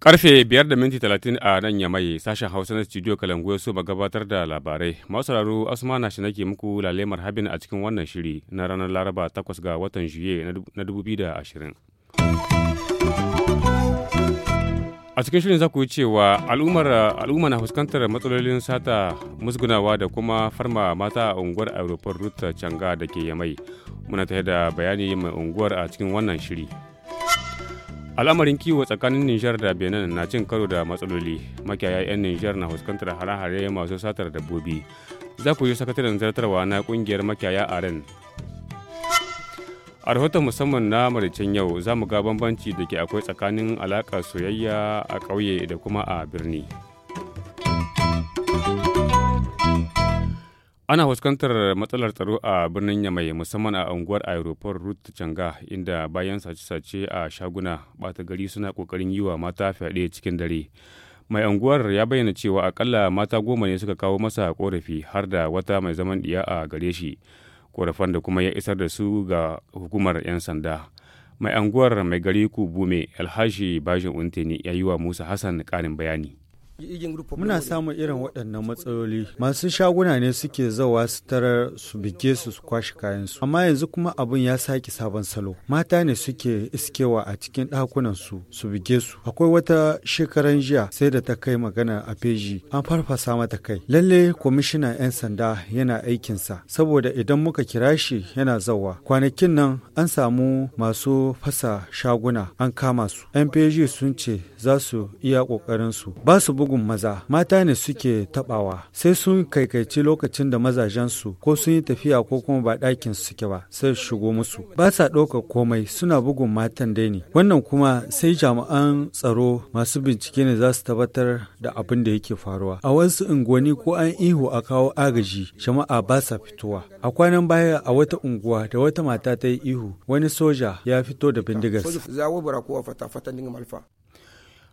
Karfe biyar da minti talatin a nan Yamai, sashen Hausa na studio Kalangu ya so gabatar da labarai. Masu sauraro asuma shi nake muku lalemar habin a cikin wannan shiri na ranar Laraba takwas ga watan Juye na 2020. a cikin shirin za ku yi cewa al'umma na fuskantar matsalolin sata musgunawa da kuma farma mata a unguwar aeroport ruta canga da ke yamai muna tare da bayani mai unguwar a cikin wannan shiri al'amarin kiwo tsakanin nijar da benin na cin karo da matsaloli makiyaya 'yan nijar na fuskantar hare-hare masu satar dabbobi za ku yi sakataren zartarwa na kungiyar makiyaya aren a rahoton musamman na maraicen yau za mu ga bambanci da ke akwai tsakanin alaƙar soyayya a ƙauye da kuma a birni ana fuskantar matsalar tsaro a birnin yamai musamman a unguwar aeroport route canga inda bayan sace-sace a shaguna bata gari suna kokarin yi wa mata fyaɗe cikin dare mai unguwar ya bayyana cewa akalla mata goma ne suka kawo masa korafi har da wata mai zaman diya a gare shi korafan da kuma ya isar da su ga hukumar 'yan sanda mai anguwar mai gari ku bume alhaji bajin ne ya yi wa musa hassan ƙarin bayani Muna samun irin waɗannan matsaloli. Masu shaguna ne suke zawa su tarar su bige su su kwashe kayansu. Amma yanzu kuma abin ya sake sabon salo. Mata ne suke iskewa a cikin ɗakunan su su bige su. Akwai wata shekaran jiya sai da ta kai magana a feji an farfasa mata kai. Lalle kwamishinan 'yan sanda yana aikinsa saboda idan muka kira shi yana zawa. Kwanakin nan an samu masu fasa shaguna an kama su. 'yan feji sun ce za su iya ƙoƙarinsu. Ba su bugu bugun maza mata ne suke tabawa sai sun kaikaici lokacin da mazajen su ko sun yi tafiya ko kuma ba ɗakin suke ba sai shigo musu ba sa ɗauka komai suna bugun matan dai ne wannan kuma sai jami'an tsaro masu bincike ne za su tabbatar da abin da yake faruwa a wasu unguwanni ko an ihu a kawo agaji jama'a ba sa fitowa a kwanan baya a wata unguwa da wata mata ta yi ihu wani soja ya fito da bindigarsa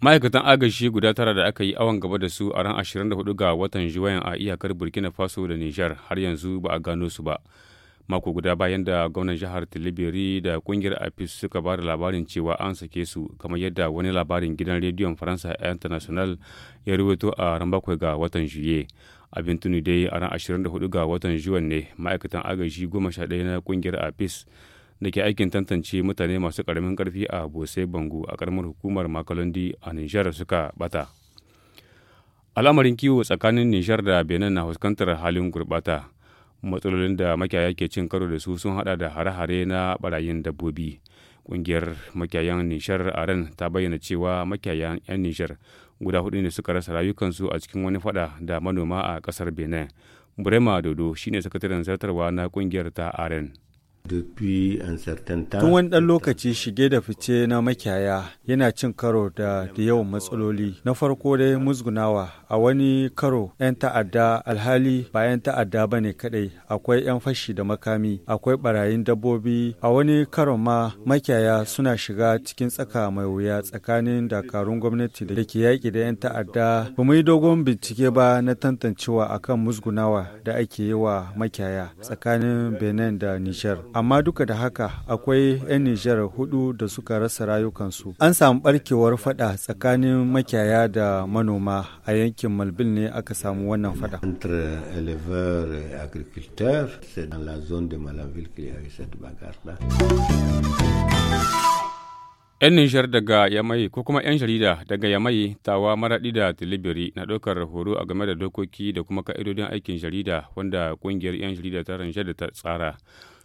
ma'aikatan agaji guda tara da aka yi awon gaba da su a ran 24 ga watan juwayan a iyakar burkina faso da nijar har yanzu ba a gano su ba mako guda bayan da gwamnan jihar tilibiri da kungiyar apis suka ba da labarin cewa an sake su kamar yadda wani labarin gidan rediyon faransa international ya rubuto a ran bakwai ga watan juye abin tuni dai a ran 24 ga watan juwan ne ma'aikatan agaji goma sha ɗaya na kungiyar apis da ke aikin tantance mutane masu karamin karfi a Bose Bangu a karamar hukumar Makalondi a Nijar suka bata. Al'amarin kiwo tsakanin Nijar da Benin na fuskantar halin gurbata Matsalolin da makiyaya ke cin karo da su sun haɗa da hare-hare na barayin dabbobi. Ƙungiyar makiyayan Nijar a ran ta bayyana cewa makiyayan 'yan Nijar guda hudu ne suka rasa rayukansu a cikin wani fada da manoma a ƙasar Benin. Burema Dodo shine sakataren zartarwa na ƙungiyar ta Aren. Tun wani ɗan lokaci shige da fice na makiyaya yana cin karo da da yawan matsaloli. Na farko dai musgunawa a wani karo 'yan ta'adda alhali ba 'yan ta'adda ba ne kaɗai akwai 'yan fashi da makami akwai barayin dabbobi a wani karo ma makiyaya suna shiga cikin tsaka mai wuya tsakanin dakarun gwamnati da ke yaƙi da 'yan ta'adda. Ba mu yi dogon bincike ba na tantancewa akan musgunawa da ake yi wa makiyaya tsakanin Benin da Nijar. amma duka da haka akwai 'yan Nijar hudu da suka rasa rayukansu. An samu barkewar fada tsakanin makiyaya da manoma a yankin Malbil ne aka samu wannan fada. ‘Yan Nijar daga Yamai ko kuma ‘yan jarida daga Yamai tawa maraɗi da Tilibiri na ɗaukar horo a game da dokoki da kuma ka'idodin aikin jarida wanda kungiyar ‘yan jarida ta Ranjar da ta tsara.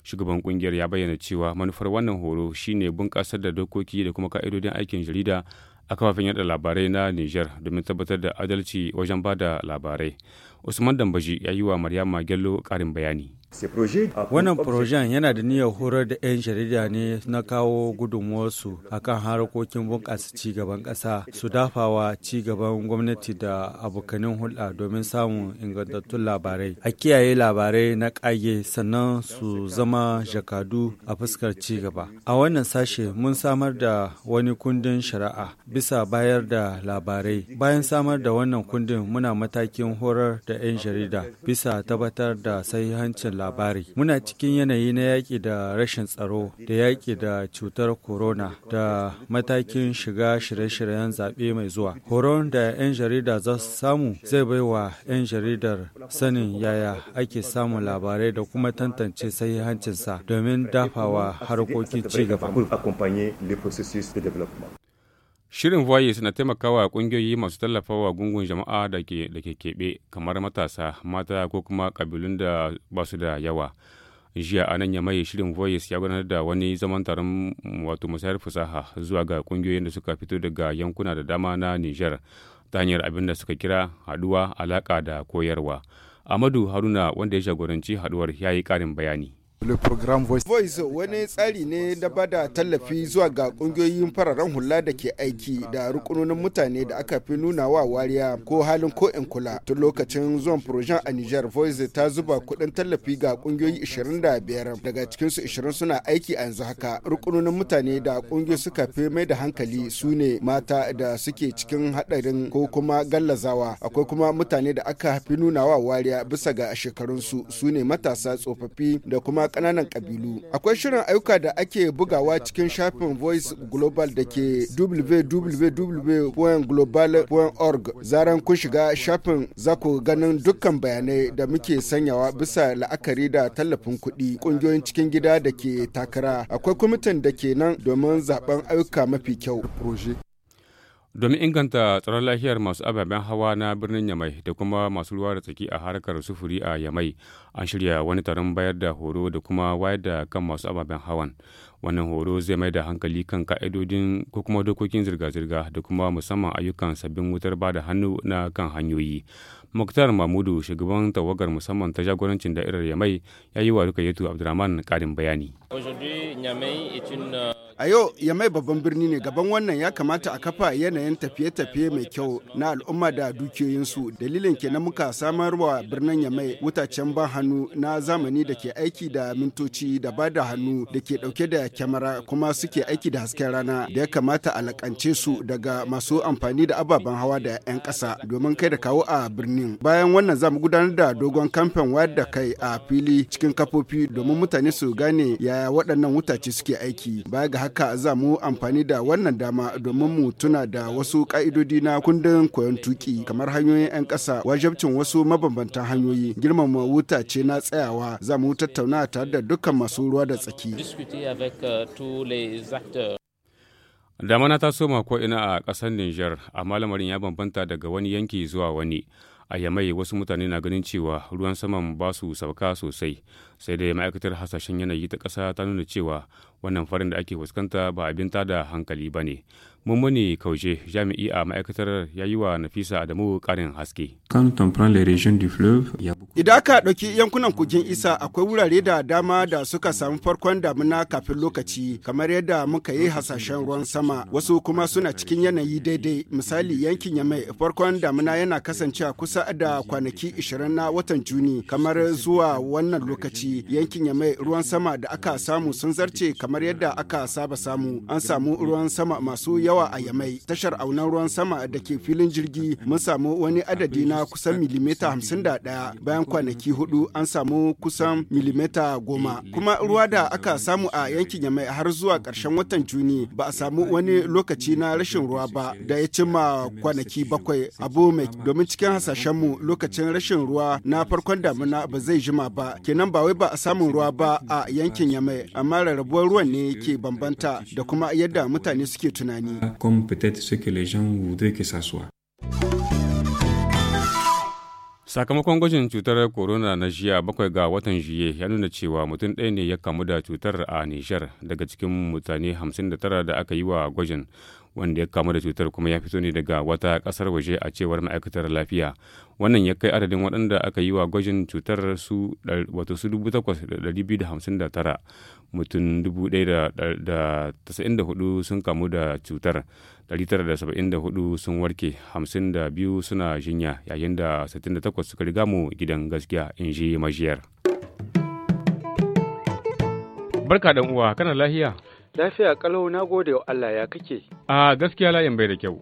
shugaban kungiyar ya bayyana cewa manufar wannan horo shine bunƙasar da dokoki da kuma ka'idodin aikin jarida a kafafen yada labarai na niger domin tabbatar da adalci wajen bada labarai Usman Dambaji ya yi wa Maryama Gello karin bayani. Wannan projen yana da niyyar horar da 'yan jarida ne na kawo gudunmuwarsu a kan harkokin bunƙasa cigaban ƙasa su dafawa cigaban gwamnati da abokanin hulɗa domin samun ingantattun labarai. A kiyaye labarai na ƙage sannan su zama jakadu a fuskar cigaba. A wannan sashe mun samar da wani kundin shari'a bisa bayar da labarai. Bayan samar da wannan kundin muna matakin horar da 'yan jarida bisa tabbatar da sahihancin labari. Muna cikin yanayi na yaƙi da rashin tsaro da yaƙi da cutar corona da matakin shiga shirye-shiryen zaɓe mai zuwa. Horon da 'yan jarida za su samu zai bai wa 'yan jaridar sanin yaya ake samun labarai da kuma tantance sahihancinsa domin dafawa harkokin ci gaba. Shirin Voice na taimakawa ƙungiyoyi masu tallafawa gungun jama'a da ke keɓe kamar matasa, mata ko kuma ƙabilun da ba su da yawa. Jiya a nan mai shirin Voice ya gudanar da wani zaman taron wato musayar fasaha zuwa ga ƙungiyoyin da suka fito daga yankuna da dama na Nijar ta hanyar abin da suka kira haɗuwa, alaƙa da koyarwa. Amadu Haruna wanda ya jagoranci haɗuwar ya yi ƙarin bayani. Voice wani tsari ne na bada tallafi zuwa ga kungiyoyin fararen hula da ke aiki da rukunonin mutane da aka fi nuna wa wariya ko halin ko in kula. Tun lokacin zuwan projan a Niger Voice ta zuba kuɗin tallafi ga kungiyoyi 25 daga cikinsu 20 suna aiki a yanzu haka. Rukunonin mutane da kungiyoyi suka fi mai da hankali su ne mata da suke cikin hadarin ko kuma gallazawa. Akwai kuma mutane da aka fi nuna wa wariya bisa ga shekarunsu su ne matasa tsofaffi da kuma ƙananan Akwai shirin ayyuka da ake bugawa cikin shafin Voice Global da ke www.global.org zaren kun shiga shafin za ku ganin dukkan bayanai da muke sanyawa bisa la'akari da tallafin kuɗi ƙungiyoyin cikin gida da ke takara. Akwai kwamitin da ke nan domin zaben ayyuka mafi kyau. domin inganta tsaron lafiyar masu ababen hawa na birnin yamai da kuma masu ruwa da tsaki a harkar sufuri a yamai an shirya wani taron bayar da horo da kuma wayar da kan masu ababen hawan wannan horo zai mai da hankali kan ka'idodin ko kuma dokokin zirga-zirga da kuma musamman ayyukan sabbin wutar bada hannu na kan hanyoyi muktar mamudu shugaban tawagar musamman ta jagorancin da'irar yamai ya yi wa rukayetu abdurrahman karin bayani A yau Yamai babban birni ne gaban wannan ya kamata a kafa yanayin tafiye-tafiye mai kyau na al'umma da dukiyoyinsu. Dalilin kenan muka samar wa birnin Yamai wutacen ban hannu na zamani da ke aiki da mintoci da ba da hannu da ke dauke da kyamara kuma suke aiki da hasken rana da ya kamata a lakance su daga masu amfani da ababen hawa da 'yan kasa domin kai da kawo a birnin. Bayan wannan za mu gudanar da dogon kamfen wayar da kai a fili cikin kafofi domin mutane su gane yaya waɗannan wutace suke aiki. Baya ga haka za mu amfani da wannan dama domin mu tuna da wasu ka'idodi na kundin koyon tuki kamar hanyoyin 'yan ƙasa wajabcin wasu mabambantan hanyoyi girmama wuta ce na tsayawa za mu tattauna tare da dukkan masu ruwa da tsaki. Euh, Damana ta soma ko ina a ƙasar Nijar, amma lamarin ya bambanta daga wani yanki zuwa wani. a yamai wasu mutane na ganin cewa ruwan saman ba su sauka sosai sai dai ma'aikatar hasashen yanayi ta ƙasa ta nuna cewa wannan farin da ake fuskanta ba abin tada hankali ba ne mummuni kaushe jami'i a ma'aikatar ya yi wa nafisa adamu karin haske idan aka ɗauki yankunan kogin isa akwai wurare da dama da suka samu farkon damina kafin lokaci kamar yadda muka yi hasashen ruwan sama wasu kuma suna cikin yanayi daidai misali yankin yamai farkon damina yana kasancewa kusa da kwanaki 20 na watan juni kamar zuwa wannan lokaci yankin yamai ruwan sama da aka samu sun zarce kamar yadda aka saba samu an samu ruwan sama masu yawa yawa a Yamai. Tashar aunan ruwan sama da ke filin jirgi mun samu wani adadi na kusan milimita hamsin da ɗaya bayan kwanaki hudu an samu kusan milimita goma. Kuma ruwa da aka samu a yankin Yamai har zuwa ƙarshen watan Juni ba a samu wani lokaci na rashin ruwa ba da ya cimma kwanaki bakwai a Bomek domin cikin hasashenmu lokacin rashin ruwa na farkon damuna ba zai jima ba. Kenan ba wai ba a samun ruwa ba a yankin Yamai amma rarrabuwar ruwan ne ke bambanta da kuma yadda mutane suke tunani. comme peut-être ce que les gens voudraient que ça soit. Sakamakon gwajin cutar corona na jiya bakwai ga watan jiye ya nuna cewa mutum ɗaya ne ya kamu da cutar a Nijar daga cikin mutane 59 da aka yi wa gwajin wanda ya kamu da cutar kuma ya fito ne daga wata ƙasar waje a cewar ma'aikatar lafiya. Wannan ya kai adadin waɗanda aka yi wa gwajin cutar su wato su tara mutum hudu sun kamu da cutar. 974 sun warke 52 suna jinya yayin da 68 suka riga mu gidan gaskiya in ji majiyar barka dan uwa kana lahiya. lafiya kalau na gode wa Allah ya kake a gaskiya layin bai da kyau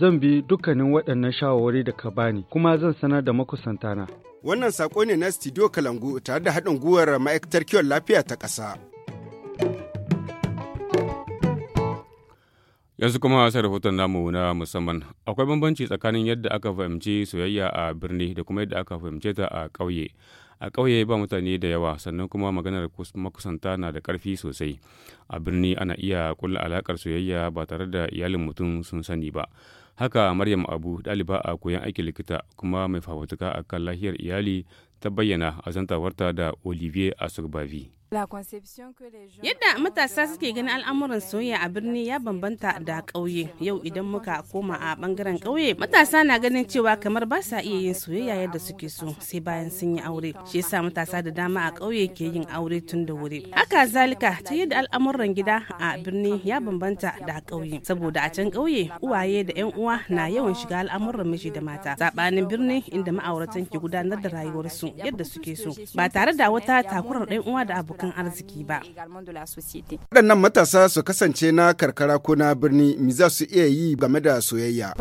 zan bi dukkanin waɗannan shawarwari da ka bani kuma zan sanar da makusantana. Wannan sako ne na Studio Kalangu tare da haɗin gwiwar ma'aikatar kiwon lafiya ta ƙasa. Yanzu kuma sai rahoton namu na musamman akwai bambanci tsakanin yadda aka fahimci soyayya a birni da kuma yadda aka fahimce ta a ƙauye. a ƙauye ba mutane da yawa sannan kuma maganar makusanta na da ƙarfi sosai a birni ana iya kulla alaƙar soyayya ba tare da iyalin mutum sun sani ba haka maryam abu ɗaliba a koyon aikin likita kuma mai a kan lahiyar iyali ta bayyana a zantawarta da olivier asogbavi Yadda matasa suke ganin al'amuran soyayya a birni ya bambanta da ƙauye. Yau idan muka koma a bangaren ƙauye, matasa na ganin cewa kamar ba sa iya yin soyayya yadda suke so sai bayan sun yi aure. Shi yasa matasa da dama a ƙauye ke yin aure tun da wuri. Haka zalika ta yadda al'amuran gida a birni ya bambanta da ƙauye. Saboda a can ƙauye uwaye da 'yan uwa na yawan shiga al'amuran miji da mata. Saɓanin birni inda ma'auratan ke gudanar da rayuwarsu yadda suke so ba tare da wata takurar ɗan uwa da abokan tattalin arziki ba. Waɗannan matasa su kasance na karkara ko na birni mi za su iya yi game da soyayya.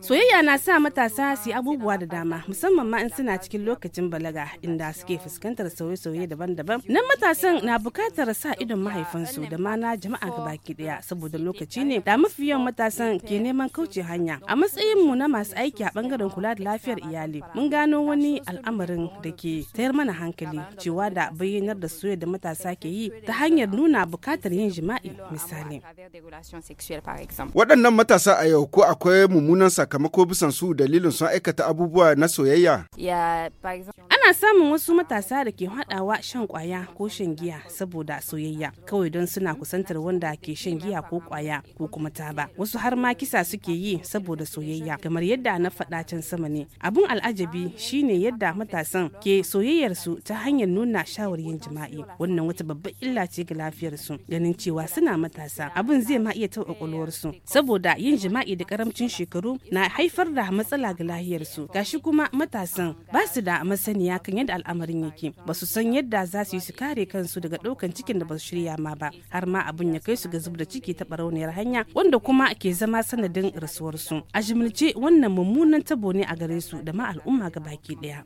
Soyayya na sa matasa su yi abubuwa da dama musamman ma in suna cikin lokacin balaga inda suke fuskantar sauye-sauye daban-daban. Nan matasan na bukatar sa idon mahaifansu da ma na jama'a gabaki daya saboda lokaci ne da mafi yawan matasan ke neman kauce hanya. A matsayin mu na masu aiki a bangaren kula da lafiyar iyali mun gano wani al'amarin da ke tayar mana hankali cewa da bayyanar da soyayya da matasa ke yi ta hanyar nuna bukatar yin jima'i misali. Waɗannan matasa a yau ko akwai mummunan sakamako bisan su dalilin sun aikata abubuwa na soyayya? Ana samun wasu matasa da ke haɗawa shan kwaya ko shan giya saboda soyayya kawai don suna kusantar wanda ke shan giya ko kwaya ko kuma taba. Wasu har ma kisa suke yi saboda soyayya kamar yadda na faɗa can sama ne. Abun al'ajabi shine yadda matasan ke soyayyarsu ta hanyar nuna yin jima'i. Wannan wata babbar illa ce ga lafiyarsu ganin cewa suna matasa abun zai ma iya taɓa su saboda yin jima'i da karamcin shekaru na haifar da matsala ga lafiyarsu gashi kuma matasan ba su da masaniya kan yadda al'amarin yake ba su san yadda za su yi su kare kansu daga ɗaukan cikin da ba su shirya ma ba har ma abin ya kai su ga zub da ciki ta barauniyar hanya wanda kuma ke zama sanadin rasuwarsu a jimilce wannan mummunan tabo ne a gare su da ma al'umma ga baki ɗaya.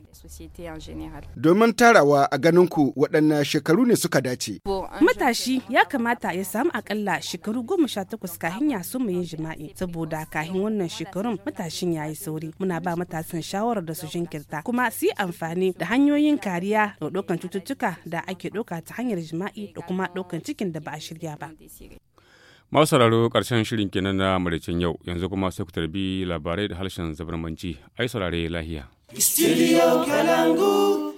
domin tarawa a ganin ku waɗannan shekaru ne suka dace. matashi ya kamata ya samu akalla shekaru goma sha takwas kahin ya so yin jima'i saboda kahin wannan shekarun matashin ya yi sauri muna ba matasan shawarar da su jinkirta kuma su yi amfani da da hanyoyin kariya da ɗaukan cututtuka da ake ɗauka ta hanyar jima'i da kuma ɗaukan cikin da ba a shirya ba. Masu sauraro ƙarshen shirin kenan na maraicin yau yanzu kuma sai ku tarbi labarai da harshen zabarmanci ai saurare lahiya. Studio Kalangu.